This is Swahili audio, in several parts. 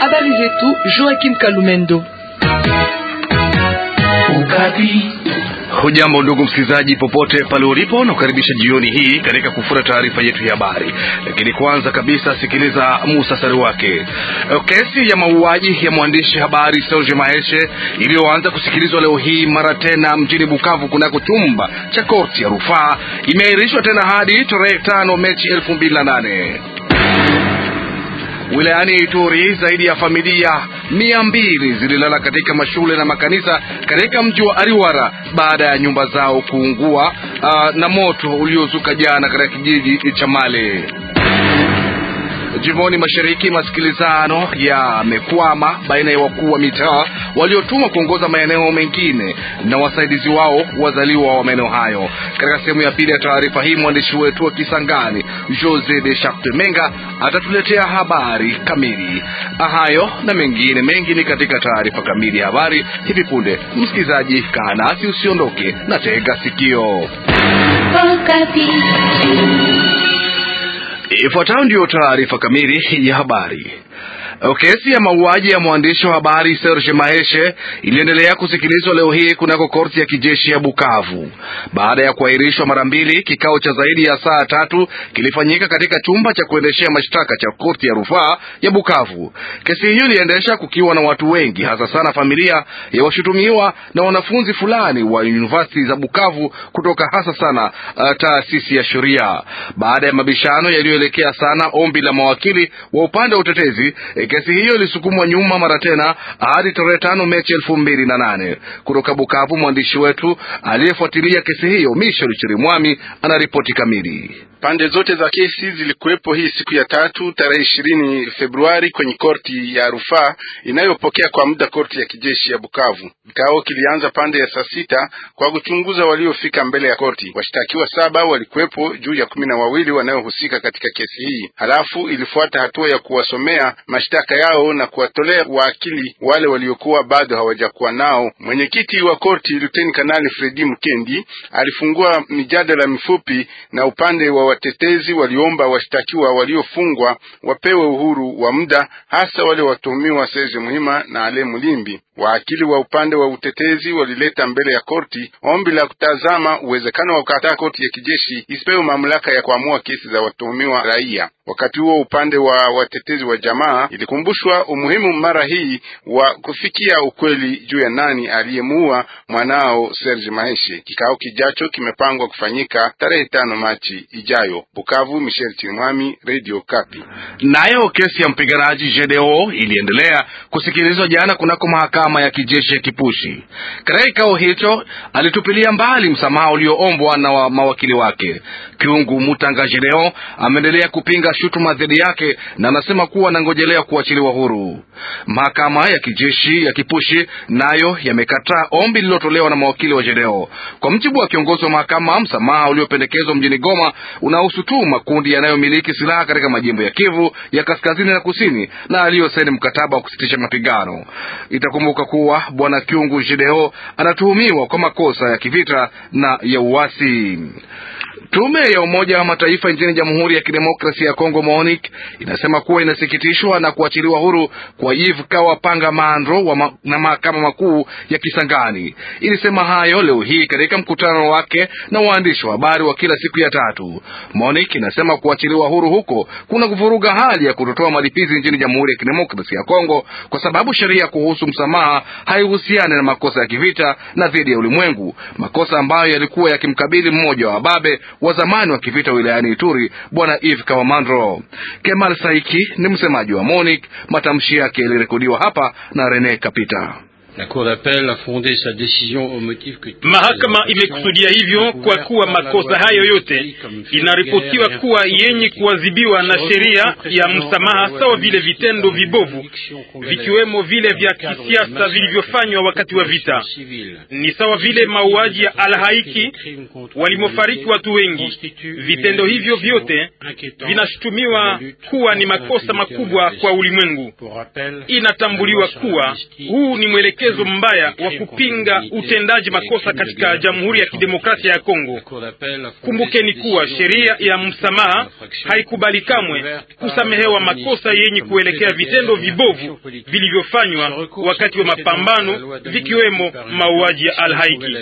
Habari zetu Joakim Kalumendo Ukati. Hujambo ndugu msikilizaji, popote pale ulipo, na kukaribisha jioni hii katika kufura taarifa yetu ya habari. Lakini kwanza kabisa, sikiliza muhtasari wake. Kesi ya mauaji ya mwandishi habari Serge Maheshe iliyoanza kusikilizwa leo hii mara tena mjini Bukavu kunako chumba cha korti ya rufaa imeahirishwa tena hadi tarehe tano Machi elfu mbili na nane. Wilayani Ituri zaidi ya familia mia mbili zililala katika mashule na makanisa katika mji wa Ariwara baada ya nyumba zao kuungua uh, na moto uliozuka jana katika kijiji cha Male. Jimoni Mashariki, masikilizano yamekwama baina ya wakuu wa mitaa waliotumwa kuongoza maeneo mengine na wasaidizi wao wazaliwa wa maeneo hayo. Katika sehemu ya pili ya taarifa hii, mwandishi wetu wa Kisangani Jose de menga atatuletea habari kamili. Hayo na mengine mengi ni katika taarifa kamili ya habari hivi punde. Msikilizaji, kaa nasi, usiondoke na tega sikio. Ifuatayo ndiyo taarifa kamili ya habari. Kesi ya mauaji ya mwandishi wa habari Serge Maheshe iliendelea kusikilizwa leo hii kunako korti ya kijeshi ya Bukavu baada ya kuahirishwa mara mbili. Kikao cha zaidi ya saa tatu kilifanyika katika chumba cha kuendeshea mashtaka cha korti ya rufaa ya Bukavu. Kesi hiyo iliendesha kukiwa na watu wengi, hasa sana familia ya washutumiwa na wanafunzi fulani wa yunivasiti za Bukavu kutoka hasa sana uh, taasisi ya sheria. Baada ya mabishano yaliyoelekea sana ombi la mawakili wa upande wa utetezi E, kesi hiyo ilisukumwa nyuma mara tena hadi tarehe tano Mechi elfu mbili na nane. Kutoka Bukavu, mwandishi wetu aliyefuatilia kesi hiyo Mishel Chirimwami anaripoti kamili. Pande zote za kesi zilikuwepo hii siku ya tatu tarehe ishirini Februari kwenye korti ya rufaa inayopokea kwa muda korti ya kijeshi ya Bukavu. Kikao kilianza pande ya saa sita kwa kuchunguza waliofika mbele ya korti. Washtakiwa saba walikuwepo juu ya kumi na wawili wanayohusika katika kesi hii. Halafu ilifuata hatua ya kuwasomea mashtaki mashtaka yao na kuwatolea waakili wale waliokuwa bado hawajakuwa nao. Mwenyekiti wa korti Luteni Kanali Fredi Mkendi alifungua mijadala mifupi na upande wa watetezi waliomba washtakiwa waliofungwa wapewe uhuru wa muda, hasa wale watuhumiwa Serge Muhima na Ale Mulimbi. Waakili wa upande wa utetezi walileta mbele ya korti ombi la kutazama uwezekano wa kukataa korti ya kijeshi isipewe mamlaka ya kuamua kesi za watuhumiwa raia. Wakati huo upande wa watetezi wa jamaa ilikumbushwa umuhimu mara hii wa kufikia ukweli juu ya nani aliyemuua mwanao Serge Maheshe. Kikao kijacho kimepangwa kufanyika tarehe tano Machi ijayo. Bukavu, Michel chirimwami Radio Kapi. Nayo kesi ya mpiganaji Jedeo iliendelea kusikilizwa jana kunako mahakama mahakama ya kijeshi ya Kipushi. Katika kikao hicho alitupilia mbali msamaha ulioombwa na wa mawakili wake. Kiungu Mutanga Gideon ameendelea kupinga shutuma dhidi yake na anasema kuwa anangojelea kuachiliwa huru. Mahakama ya kijeshi ya Kipushi nayo yamekataa ombi lililotolewa na mawakili wa Gideon. Kwa mjibu wa kiongozi wa mahakama, msamaha uliopendekezwa mjini Goma unahusu tu makundi yanayomiliki silaha katika majimbo ya Kivu ya kaskazini na kusini na aliyosaini mkataba wa kusitisha mapigano. Itakumbuka Kumbuka kuwa bwana Kyungu Jideo anatuhumiwa kwa makosa ya kivita na ya uasi. Tume ya Umoja wa Mataifa nchini Jamhuri ya Kidemokrasia ya Kongo, MONUC, inasema kuwa inasikitishwa na kuachiliwa huru kwa Yves Kawa Panga Mandro ma, na mahakama makuu ya Kisangani. Ilisema hayo leo hii katika mkutano wake na waandishi wa habari wa kila siku ya tatu. MONUC inasema kuachiliwa huru huko kuna kuvuruga hali ya kutotoa malipizi nchini Jamhuri ya Kidemokrasia ya Kongo kwa sababu sheria kuhusu msamaha haihusiani na makosa ya kivita na dhidi ya ulimwengu, makosa ambayo yalikuwa yakimkabili mmoja wa wababe wa zamani wa kivita wilayani Ituri, Bwana Eve Kawamandro. Kemal Saiki ni msemaji wa MONUC. Matamshi yake yalirekodiwa hapa na Rene Kapita. Mahakama imekusudia hivyo kwa kuwa makosa hayo yote inaripotiwa kuwa yenye kuadhibiwa na sheria ya msamaha, sawa vile vitendo vibovu vikiwemo vile vya kisiasa vilivyofanywa wakati wa vita, ni sawa vile mauaji ya alhaiki walimofariki watu wengi. Vitendo hivyo vyote vinashutumiwa kuwa ni makosa makubwa kwa ulimwengu. Inatambuliwa kuwa huu ni mwelekeo mwelekezo mbaya wa kupinga utendaji makosa katika Jamhuri ya Kidemokrasia ya Kongo. Kumbukeni kuwa sheria ya msamaha haikubali kamwe kusamehewa makosa yenye kuelekea vitendo vibovu vilivyofanywa wakati wa mapambano, vikiwemo mauaji ya Al-Haiki.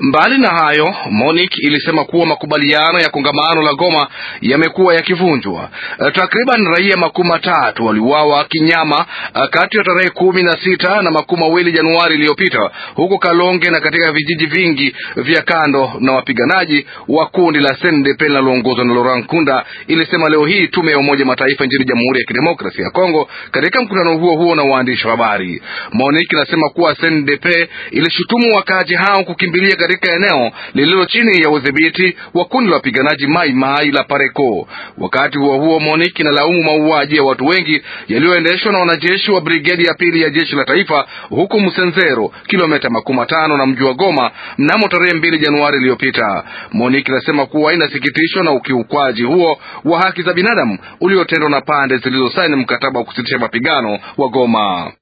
Mbali na hayo, Monic ilisema kuwa makubaliano ya kongamano la Goma yamekuwa yakivunjwa. Eh, takriban raia makumi matatu waliuawa kinyama eh, kati ya tarehe kumi na sita na makumi mawili Januari iliyopita huko Kalonge na katika vijiji vingi vya kando na wapiganaji wa kundi la SNDP linaloongozwa na Laurent Kunda, ilisema leo hii tume ya Umoja Mataifa nchini Jamhuri ya Kidemokrasia ya Kongo katika mkutano huo huo na waandishi wa habari. Monic inasema kuwa SNDP ilishutumu wakaaji hao kukimbilia katika eneo lililo chini ya udhibiti wa kundi la wapiganaji Mai Mai la Pareko. Wakati huo huo, MONUC inalaumu mauaji ya watu wengi yaliyoendeshwa na wanajeshi wa brigedi ya pili ya jeshi la taifa huku Msenzero, kilomita makumi matano na mji wa Goma mnamo tarehe mbili Januari iliyopita. MONUC inasema kuwa inasikitishwa na ukiukwaji huo wa haki za binadamu uliotendwa na pande zilizosaini mkataba wa kusitisha mapigano wa Goma.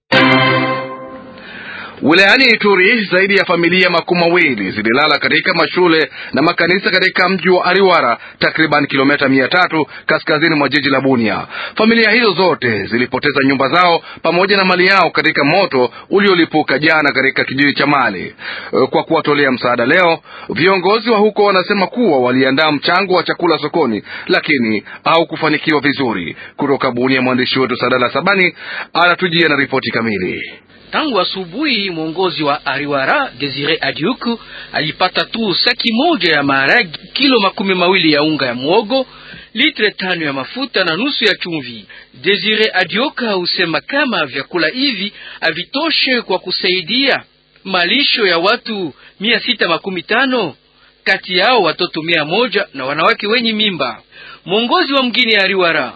Wilayani Ituri zaidi ya familia makumi mawili zililala katika mashule na makanisa katika mji wa Ariwara, takriban kilomita mia tatu kaskazini mwa jiji la Bunia. Familia hizo zote zilipoteza nyumba zao pamoja na mali yao katika moto uliolipuka jana katika kijiji cha Mali. Eh, kwa kuwatolea msaada leo, viongozi wa huko wanasema kuwa waliandaa mchango wa chakula sokoni, lakini au kufanikiwa vizuri. Kutoka Bunia, mwandishi wetu Sadala Sabani anatujia na ripoti kamili. Tangu asubuhi mwongozi wa Ariwara Desire Adiuku alipata tu saki moja ya maharagi, kilo makumi mawili ya unga ya mwogo, litre tano ya mafuta na nusu ya chumvi. Desire Adioka husema kama vyakula hivi havitoshe kwa kusaidia malisho ya watu mia sita makumi tano kati yao watoto mia moja na wanawake wenye mimba. Mwongozi wa mgini Ariwara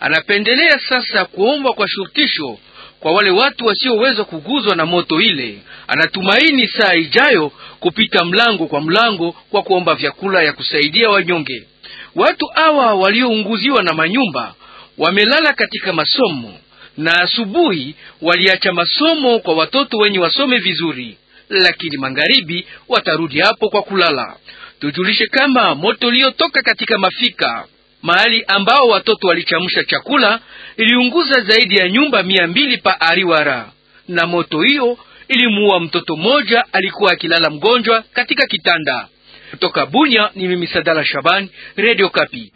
anapendelea sasa kuomba kwa shurutisho kwa wale watu wasioweza kuguzwa na moto ile. Anatumaini saa ijayo kupita mlango kwa mlango kwa kuomba vyakula ya kusaidia wanyonge. Watu hawa waliounguziwa na manyumba wamelala katika masomo, na asubuhi waliacha masomo kwa watoto wenye wasome vizuri, lakini magharibi watarudi hapo kwa kulala. Tujulishe kama moto uliotoka katika mafika mahali ambao watoto walichamsha chakula iliunguza zaidi ya nyumba mia mbili pa Ariwara, na moto hiyo ilimuua mtoto mmoja alikuwa akilala mgonjwa katika kitanda. Kutoka Bunya ni mimi Sadala Shabani, Radio Kapi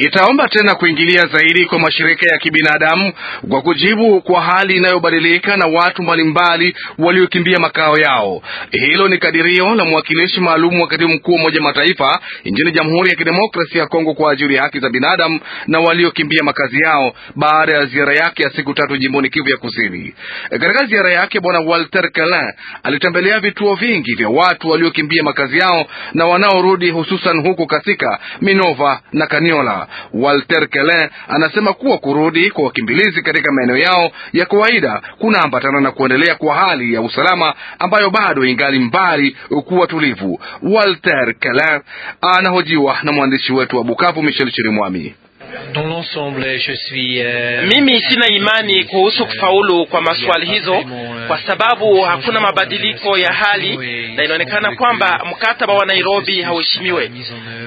itaomba tena kuingilia zaidi kwa mashirika ya kibinadamu kwa kujibu kwa hali inayobadilika na watu mbalimbali waliokimbia makao yao. Hilo ni kadirio la mwakilishi maalum wa katibu mkuu wa Umoja Mataifa nchini Jamhuri ya Kidemokrasia ya Kongo kwa ajili ya haki za binadamu na waliokimbia makazi yao baada ya ziara yake ya siku tatu jimboni Kivu ya Kusini. Katika ziara yake, Bwana Walter Kalin alitembelea vituo vingi vya watu waliokimbia makazi yao na wanaorudi, hususan huko Kasika, Minova na Kaniola. Walter Kelen anasema kuwa kurudi kwa wakimbilizi katika maeneo yao ya kawaida kunaambatana na kuendelea kwa hali ya usalama ambayo bado ingali mbali kuwa tulivu. Walter Kelen anahojiwa na mwandishi wetu wa Bukavu Michel Chirimwami. Euh, Mimi sina imani kuhusu kufaulu kwa maswali hizo, euh, kwa sababu hakuna mabadiliko ya hali na inaonekana kwamba mkataba wa Nairobi hauheshimiwe.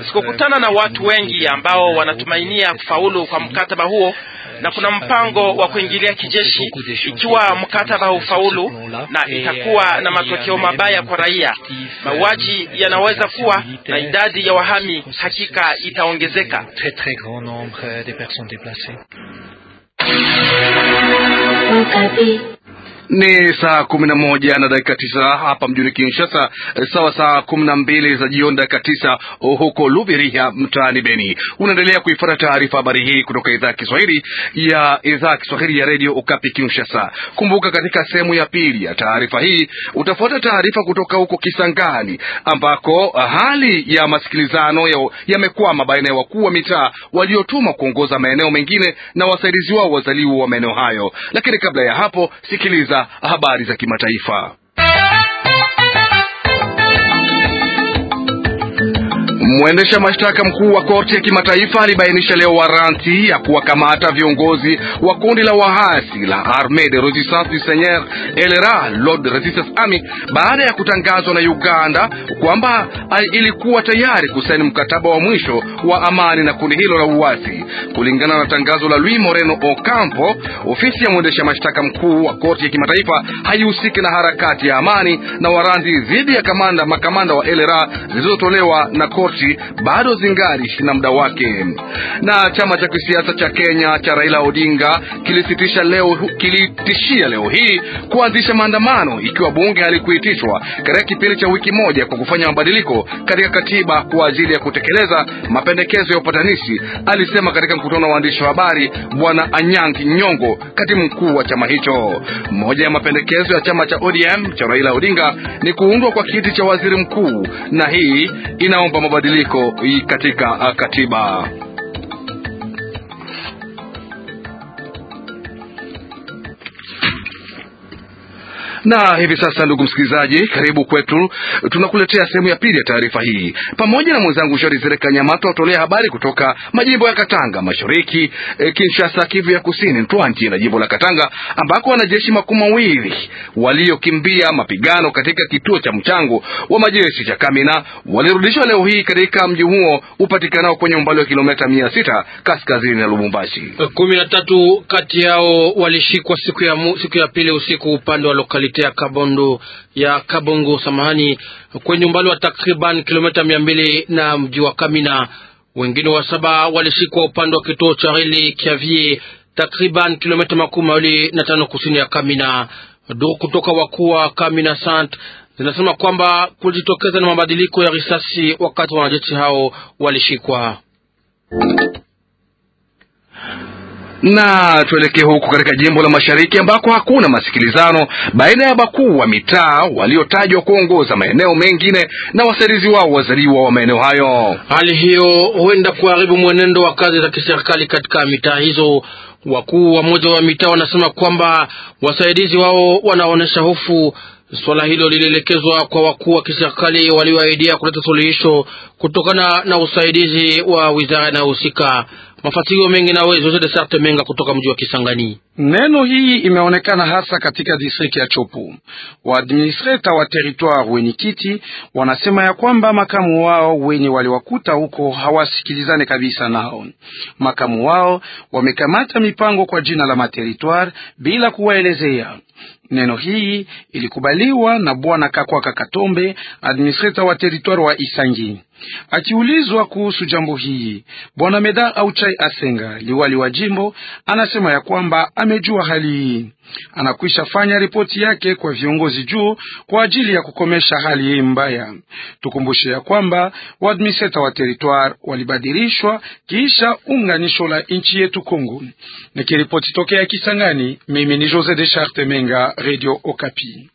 Sikukutana na watu euh, wengi ambao wanatumainia kufaulu kwa mkataba huo na kuna mpango wa kuingilia kijeshi ikiwa mkataba ufaulu, na itakuwa na matokeo mabaya kwa raia. Mauaji yanaweza kuwa na idadi ya wahami hakika itaongezeka. Ni saa kumi na moja na dakika tisa hapa mjini Kinshasa, sawa saa kumi na mbili za jioni dakika tisa huko Lubiriha mtaani Beni. Unaendelea kuifuata taarifa habari hii kutoka idhaa ya Kiswahili ya idhaa Kiswahili ya redio Ukapi Kinshasa. Kumbuka, katika sehemu ya pili ya taarifa hii utafuata taarifa kutoka huko Kisangani ambako hali ya masikilizano yamekwama ya baina ya wakuu wa mitaa waliotuma kuongoza maeneo mengine na wasaidizi wao wazaliwa wa maeneo hayo. Lakini kabla ya hapo, sikiliza habari za kimataifa. Mwendesha mashtaka mkuu wa korti ya kimataifa alibainisha leo waranti ya kuwakamata viongozi wa kundi la waasi la Armee de Resistance du Seigneur LRA Lord Resistance Army baada ya kutangazwa na Uganda kwamba ilikuwa tayari kusaini mkataba wa mwisho wa amani na kundi hilo la uasi. Kulingana na tangazo la Luis Moreno Ocampo, ofisi ya mwendesha mashtaka mkuu wa korti ya kimataifa haihusiki na harakati ya amani na waranti dhidi ya kamanda makamanda wa LRA zilizotolewa na korti uchaguzi bado zingali na muda wake. Na chama cha kisiasa cha Kenya cha Raila Odinga kilisitisha leo, kilitishia leo hii kuanzisha maandamano ikiwa bunge halikuitishwa katika kipindi cha wiki moja kwa kufanya mabadiliko katika katiba kwa ajili ya kutekeleza mapendekezo ya upatanishi, alisema katika mkutano wa waandishi wa habari Bwana Anyang Nyongo, katibu mkuu wa chama hicho. Moja ya mapendekezo ya chama cha ODM cha Raila Odinga ni kuundwa kwa kiti cha waziri mkuu, na hii inaomba mabadiliko mabadiliko katika uh, katiba. Na hivi sasa, ndugu msikilizaji, karibu kwetu, tunakuletea sehemu ya pili ya taarifa hii pamoja na mwenzangu Shori Zereka Nyamato atolea habari kutoka majimbo ya Katanga Mashariki, e, Kinshasa, Kivu ya Kusini, Ntwanti na jimbo la Katanga ambako wanajeshi makumi mawili waliokimbia mapigano katika kituo cha mchango wa majeshi cha Kamina walirudishwa leo hii katika mji huo upatikanao kwenye umbali wa kilomita mia sita kaskazini na Lubumbashi. Kumi na tatu kati yao walishikwa siku ya, siku ya pili usiku upande wa lokali localite ya Kabondo ya Kabongo samahani, kwenye umbali wa takriban kilomita mia mbili na mji wa Kamina. Wengine wa saba walishikwa upande wa kituo cha reli Kiavie takriban kilomita makumi mawili na tano kusini ya Kamina. Duru kutoka wakuu wa Kamina Sant zinasema kwamba kulijitokeza na mabadiliko ya risasi wakati wanajeshi hao walishikwa na tuelekee huku katika jimbo la mashariki ambako hakuna masikilizano baina ya wakuu wa mitaa waliotajwa kuongoza maeneo mengine na wasaidizi wao wazaliwa wa maeneo hayo. Hali hiyo huenda kuharibu mwenendo wa kazi za kiserikali katika mitaa hizo. Wakuu wa moja wa mitaa wanasema kwamba wasaidizi wao wanaonyesha hofu. Swala hilo lilielekezwa kwa wakuu wa kiserikali walioahidia kuleta suluhisho kutokana na usaidizi wa wizara inayohusika. Mafasilio mengi nawe Jose de Sarte Menga kutoka mji wa Kisangani. Neno hii imeonekana hasa katika distrikti ya Chopo. Waadministreta wa territoire wenye kiti wanasema ya kwamba makamu wao wenye waliwakuta huko hawasikilizane kabisa nao. Makamu wao wamekamata mipango kwa jina la materitoire bila kuwaelezea. Neno hii ilikubaliwa na bwana Kakwa Kakatombe, administrator wa teritwari wa Isangi. Akiulizwa kuhusu jambo hii, bwana Meda Auchai Asenga, liwali wa jimbo, anasema ya kwamba amejua hali hii anakwisha fanya ripoti yake kwa viongozi juu kwa ajili ya kukomesha hali hii mbaya. Tukumbushe ya kwamba waadmiseta wa teritoire walibadilishwa kisha unganisho la nchi yetu Kongo. Nikiripoti tokea Kisangani, mimi ni Jose de Charte Menga, Radio Okapi.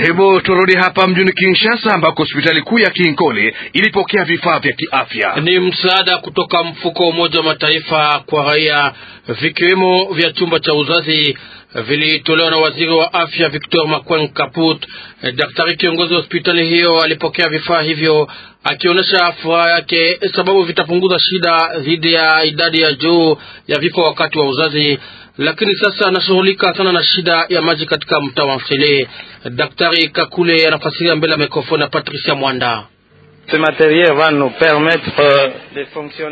Hebu turudi hapa mjini Kinshasa ambako hospitali kuu ya Kinkole ilipokea vifaa vya kiafya. Ni msaada kutoka mfuko wa Umoja wa Mataifa kwa raia, vikiwemo vya chumba cha uzazi vilitolewa na waziri wa afya Victor Makwang Kaput. Daktari kiongozi wa hospitali hiyo alipokea vifaa hivyo akionyesha furaha yake, sababu vitapunguza shida dhidi ya idadi ya juu ya vifo wakati wa uzazi lakini sasa anashughulika sana na shida ya maji katika mtaa wa Mfele. Daktari Kakule anafasiria mbele ya mikrofoni ya Patricia Mwanda. Euh,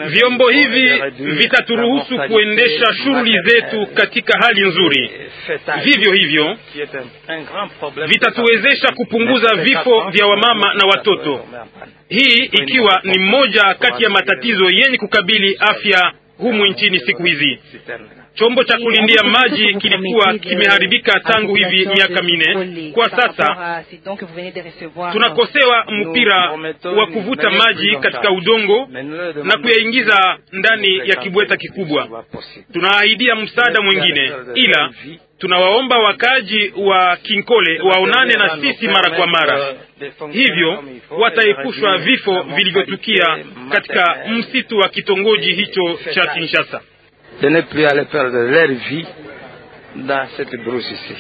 Vyombo hivi vitaturuhusu kuendesha shughuli zetu katika hali nzuri. Vivyo hivyo vitatuwezesha kupunguza vifo vya wamama na watoto, hii ikiwa ni moja kati ya matatizo yenye kukabili afya humu nchini siku hizi. Chombo cha kulindia maji kilikuwa euh, kimeharibika tangu hivi miaka minne. Kwa sasa tunakosewa euh, mpira wa kuvuta maji katika udongo na kuyaingiza ndani ya kibweta kikubwa. Tunaahidia msaada mwingine, ila tunawaomba wakaji wa Kinkole waonane na sisi mara kwa mara, euh, hivyo wataepushwa vifo vilivyotukia katika msitu wa kitongoji hicho cha Kinshasa de ne plus aller perdre leur vie dans cette brousse ici.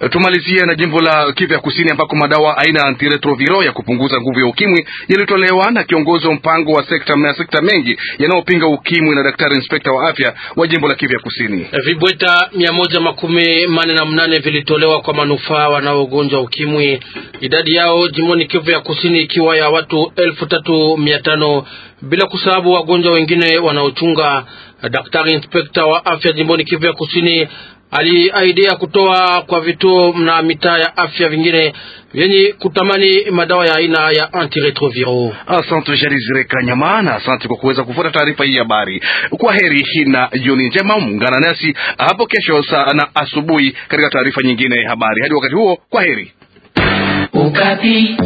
Eh, tumalizie na jimbo la Kivu ya Kusini ambako madawa aina ya antiretroviro ya kupunguza nguvu ya ukimwi yalitolewa na kiongozi wa mpango wa sekta na sekta mengi yanayopinga ukimwi na daktari inspekta wa afya wa jimbo la Kivu ya Kusini. Eh, vibweta mia moja makumi manne na mnane vilitolewa kwa manufaa wanaogonjwa ukimwi, idadi yao jimboni Kivu ya Kusini ikiwa ya watu elfu tatu mia tano bila kusahabu wagonjwa wengine wanaochunga Daktari inspekta wa afya jimboni Kivu ya Kusini aliaidia kutoa kwa vituo na mitaa ya afya vingine vyenye kutamani madawa ya aina ya antiretroviro. Asante Jerizire Kanyama na asante kwa kuweza kufuata taarifa hii habari. Kwa heri na jioni njema, muungana nasi hapo kesho saa na asubuhi katika taarifa nyingine ya habari. Hadi wakati huo, kwa heri Ukati.